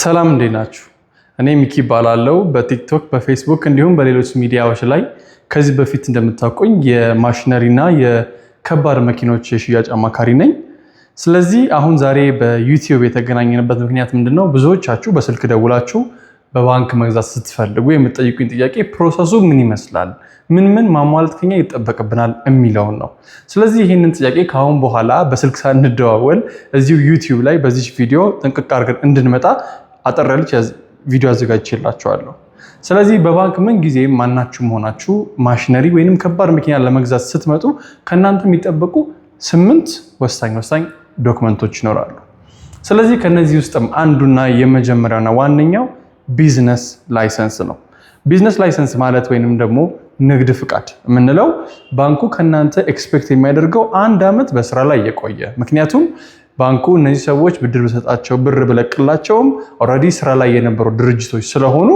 ሰላም እንዴት ናችሁ? እኔ ሚኪ ይባላለው። በቲክቶክ በፌስቡክ እንዲሁም በሌሎች ሚዲያዎች ላይ ከዚህ በፊት እንደምታውቁኝ የማሽነሪ እና የከባድ መኪኖች የሽያጭ አማካሪ ነኝ። ስለዚህ አሁን ዛሬ በዩቲዩብ የተገናኘንበት ምክንያት ምንድነው ብዙዎቻችሁ በስልክ ደውላችሁ በባንክ መግዛት ስትፈልጉ የምትጠይቁኝ ጥያቄ ፕሮሰሱ ምን ይመስላል፣ ምን ምን ማሟላት ከኛ ይጠበቅብናል የሚለውን ነው። ስለዚህ ይህንን ጥያቄ ከአሁን በኋላ በስልክ ሳንደዋወል እዚሁ ዩቲዩብ ላይ በዚች ቪዲዮ ጥንቅቅ አድርገን እንድንመጣ አጠር ያለች ቪዲዮ አዘጋጅቼላችኋለሁ። ስለዚህ በባንክ ምን ጊዜ ማናችሁ መሆናችሁ ማሽነሪ ወይንም ከባድ መኪና ለመግዛት ስትመጡ ከእናንተ የሚጠበቁ ስምንት ወሳኝ ወሳኝ ዶክመንቶች ይኖራሉ። ስለዚህ ከነዚህ ውስጥም አንዱና የመጀመሪያውና ዋነኛው ቢዝነስ ላይሰንስ ነው። ቢዝነስ ላይሰንስ ማለት ወይንም ደግሞ ንግድ ፍቃድ የምንለው ባንኩ ከእናንተ ኤክስፔክት የሚያደርገው አንድ ዓመት በስራ ላይ የቆየ ምክንያቱም ባንኩ እነዚህ ሰዎች ብድር ብሰጣቸው ብር ብለቅላቸውም ኦልሬዲ ስራ ላይ የነበሩ ድርጅቶች ስለሆኑ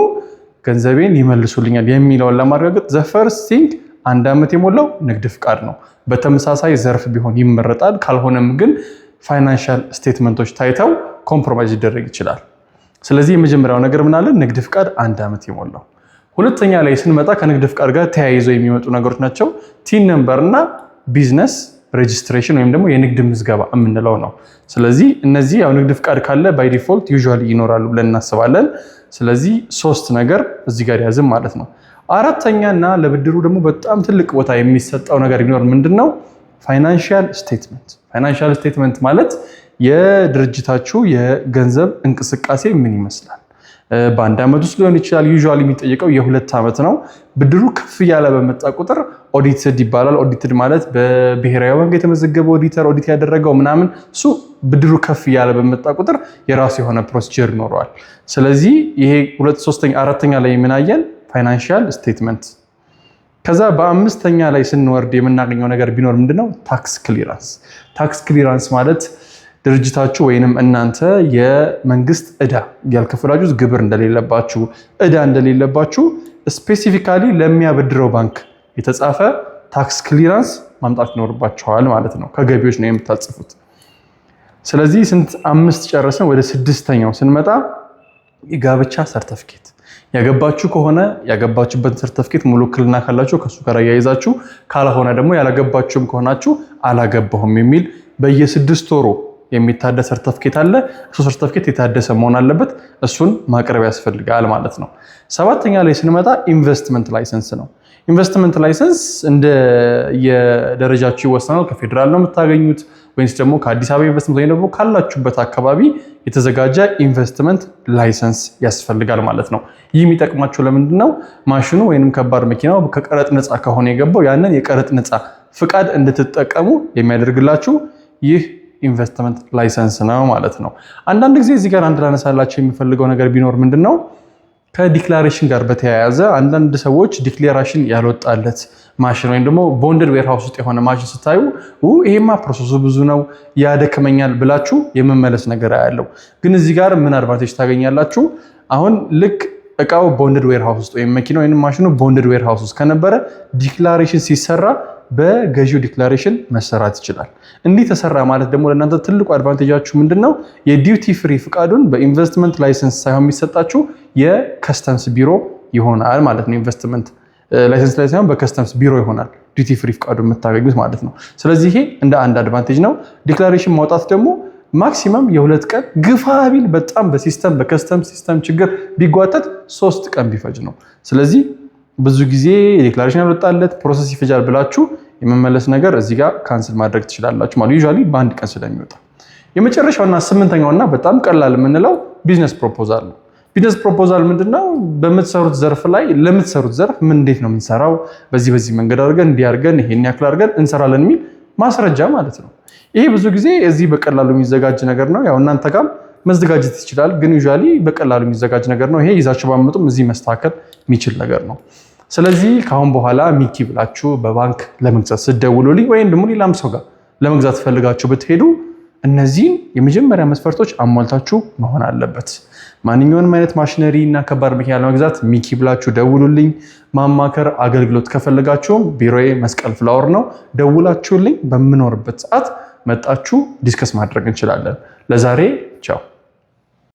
ገንዘቤን ይመልሱልኛል የሚለውን ለማረጋገጥ ዘፈርስት ቲንግ አንድ ዓመት የሞላው ንግድ ፍቃድ ነው። በተመሳሳይ ዘርፍ ቢሆን ይመረጣል። ካልሆነም ግን ፋይናንሻል ስቴትመንቶች ታይተው ኮምፕሮማይዝ ሊደረግ ይችላል። ስለዚህ የመጀመሪያው ነገር ምናለን ንግድ ፍቃድ አንድ ዓመት የሞላው። ሁለተኛ ላይ ስንመጣ ከንግድ ፍቃድ ጋር ተያይዘው የሚመጡ ነገሮች ናቸው ቲን ነምበር እና ቢዝነስ ሬጅስትሬሽን ወይም ደግሞ የንግድ ምዝገባ የምንለው ነው። ስለዚህ እነዚህ ያው ንግድ ፍቃድ ካለ ባይ ዲፎልት ዩዥዋሊ ይኖራሉ ብለን እናስባለን። ስለዚህ ሶስት ነገር እዚህ ጋር ያዝም ማለት ነው። አራተኛ እና ለብድሩ ደግሞ በጣም ትልቅ ቦታ የሚሰጠው ነገር ቢኖር ምንድን ነው? ስቴትመንት። ፋይናንሻል ስቴትመንት ማለት የድርጅታችሁ የገንዘብ እንቅስቃሴ ምን ይመስላል በአንድ ዓመት ውስጥ ሊሆን ይችላል። ዩዥዋሊ የሚጠየቀው የሁለት ዓመት ነው። ብድሩ ከፍ እያለ በመጣ ቁጥር ኦዲትድ ይባላል። ኦዲትድ ማለት በብሔራዊ ባንክ የተመዘገበ ኦዲተር ኦዲት ያደረገው ምናምን፣ እሱ ብድሩ ከፍ እያለ በመጣ ቁጥር የራሱ የሆነ ፕሮሲጀር ይኖረዋል። ስለዚህ ይሄ ሁለት ሶስተኛ አራተኛ ላይ የምናየን ፋይናንሽል ስቴትመንት ከዛ በአምስተኛ ላይ ስንወርድ የምናገኘው ነገር ቢኖር ምንድነው? ታክስ ክሊራንስ። ታክስ ክሊራንስ ማለት ድርጅታችሁ ወይንም እናንተ የመንግስት እዳ ያልከፈላችሁት ግብር እንደሌለባችሁ እዳ እንደሌለባችሁ ስፔሲፊካሊ ለሚያበድረው ባንክ የተጻፈ ታክስ ክሊራንስ ማምጣት ይኖርባችኋል ማለት ነው። ከገቢዎች ነው የምታጽፉት። ስለዚህ ስንት አምስት ጨረስን። ወደ ስድስተኛው ስንመጣ የጋብቻ ሰርተፍኬት ያገባችሁ ከሆነ ያገባችሁበትን ሰርተፍኬት ሙሉ ውክልና ካላችሁ ከእሱ ጋር አያይዛችሁ፣ ካልሆነ ደግሞ ያላገባችሁም ከሆናችሁ አላገባሁም የሚል በየስድስት ወሩ የሚታደስ ሰርተፍኬት አለ። እሱ ሰርተፍኬት የታደሰ መሆን አለበት። እሱን ማቅረብ ያስፈልጋል ማለት ነው። ሰባተኛ ላይ ስንመጣ ኢንቨስትመንት ላይሰንስ ነው። ኢንቨስትመንት ላይሰንስ እንደ የደረጃችሁ ይወሰናል። ከፌዴራል ነው የምታገኙት ወይስ ደግሞ ከአዲስ አበባ ኢንቨስትመንት ወይም ደግሞ ካላችሁበት አካባቢ የተዘጋጀ ኢንቨስትመንት ላይሰንስ ያስፈልጋል ማለት ነው። ይህ የሚጠቅማቸው ለምንድን ነው? ማሽኑ ወይም ከባድ መኪናው ከቀረጥ ነፃ ከሆነ የገባው ያንን የቀረጥ ነፃ ፍቃድ እንድትጠቀሙ የሚያደርግላችሁ ይህ ኢንቨስትመንት ላይሰንስ ነው ማለት ነው። አንዳንድ ጊዜ እዚህ ጋር አንድ ላነሳላቸው የሚፈልገው ነገር ቢኖር ምንድን ነው ከዲክላሬሽን ጋር በተያያዘ አንዳንድ ሰዎች ዲክሌራሽን ያልወጣለት ማሽን ወይም ደግሞ ቦንድድ ዌርሃውስ ውስጥ የሆነ ማሽን ስታዩ ይሄማ ፕሮሰሱ ብዙ ነው ያደክመኛል ብላችሁ የመመለስ ነገር ያለው ግን እዚህ ጋር ምን አድቫንቴጅ ታገኛላችሁ? አሁን ልክ እቃው ቦንድድ ዌርሃውስ ውስጥ ወይም መኪና ወይም ማሽኑ ቦንድድ ዌርሃውስ ውስጥ ከነበረ ዲክላሬሽን ሲሰራ በገዢው ዲክላሬሽን መሰራት ይችላል። እንዲህ ተሰራ ማለት ደግሞ ለእናንተ ትልቁ አድቫንቴጃችሁ ምንድን ነው? የዲዩቲ ፍሪ ፍቃዱን በኢንቨስትመንት ላይሰንስ ሳይሆን የሚሰጣችሁ የከስተምስ ቢሮ ይሆናል ማለት ነው። ኢንቨስትመንት ላይሰንስ ላይ ሳይሆን በከስተምስ ቢሮ ይሆናል ዲዩቲ ፍሪ ፍቃዱን የምታገኙት ማለት ነው። ስለዚህ ይሄ እንደ አንድ አድቫንቴጅ ነው። ዲክላሬሽን ማውጣት ደግሞ ማክሲመም የሁለት ቀን ግፋ ቢል በጣም በሲስተም በከስተም ሲስተም ችግር ቢጓተት ሶስት ቀን ቢፈጅ ነው። ስለዚህ ብዙ ጊዜ ዲክላሬሽን ያልወጣለት ፕሮሰስ ይፈጃል ብላችሁ የመመለስ ነገር እዚህ ጋር ካንስል ማድረግ ትችላላችሁ ማለት ዩዥዋሊ በአንድ ቀን ስለሚወጣ። የመጨረሻውና ስምንተኛውና በጣም ቀላል የምንለው ቢዝነስ ፕሮፖዛል ነው። ቢዝነስ ፕሮፖዛል ምንድነው? በምትሰሩት ዘርፍ ላይ ለምትሰሩት ዘርፍ ምን እንዴት ነው የምንሰራው፣ በዚህ በዚህ መንገድ አድርገን እንዲህ አድርገን ይሄን ያክል አድርገን እንሰራለን የሚል ማስረጃ ማለት ነው። ይሄ ብዙ ጊዜ እዚህ በቀላሉ የሚዘጋጅ ነገር ነው። ያው እናንተ ጋር መዘጋጀት ይችላል፣ ግን ዩዥዋሊ በቀላሉ የሚዘጋጅ ነገር ነው። ይሄ ይዛችሁ ባመጡም እዚህ መስተካከል የሚችል ነገር ነው። ስለዚህ ከአሁን በኋላ ሚኪ ብላችሁ በባንክ ለመግዛት ስደውሉልኝ ወይም ደግሞ ሌላም ሰው ጋር ለመግዛት ፈልጋችሁ ብትሄዱ እነዚህን የመጀመሪያ መስፈርቶች አሟልታችሁ መሆን አለበት። ማንኛውንም አይነት ማሽነሪ እና ከባድ መኪና ለመግዛት ሚኪ ብላችሁ ደውሉልኝ። ማማከር አገልግሎት ከፈለጋችሁም ቢሮዬ መስቀል ፍላወር ነው። ደውላችሁልኝ በምኖርበት ሰዓት መጣችሁ ዲስከስ ማድረግ እንችላለን። ለዛሬ ቻው።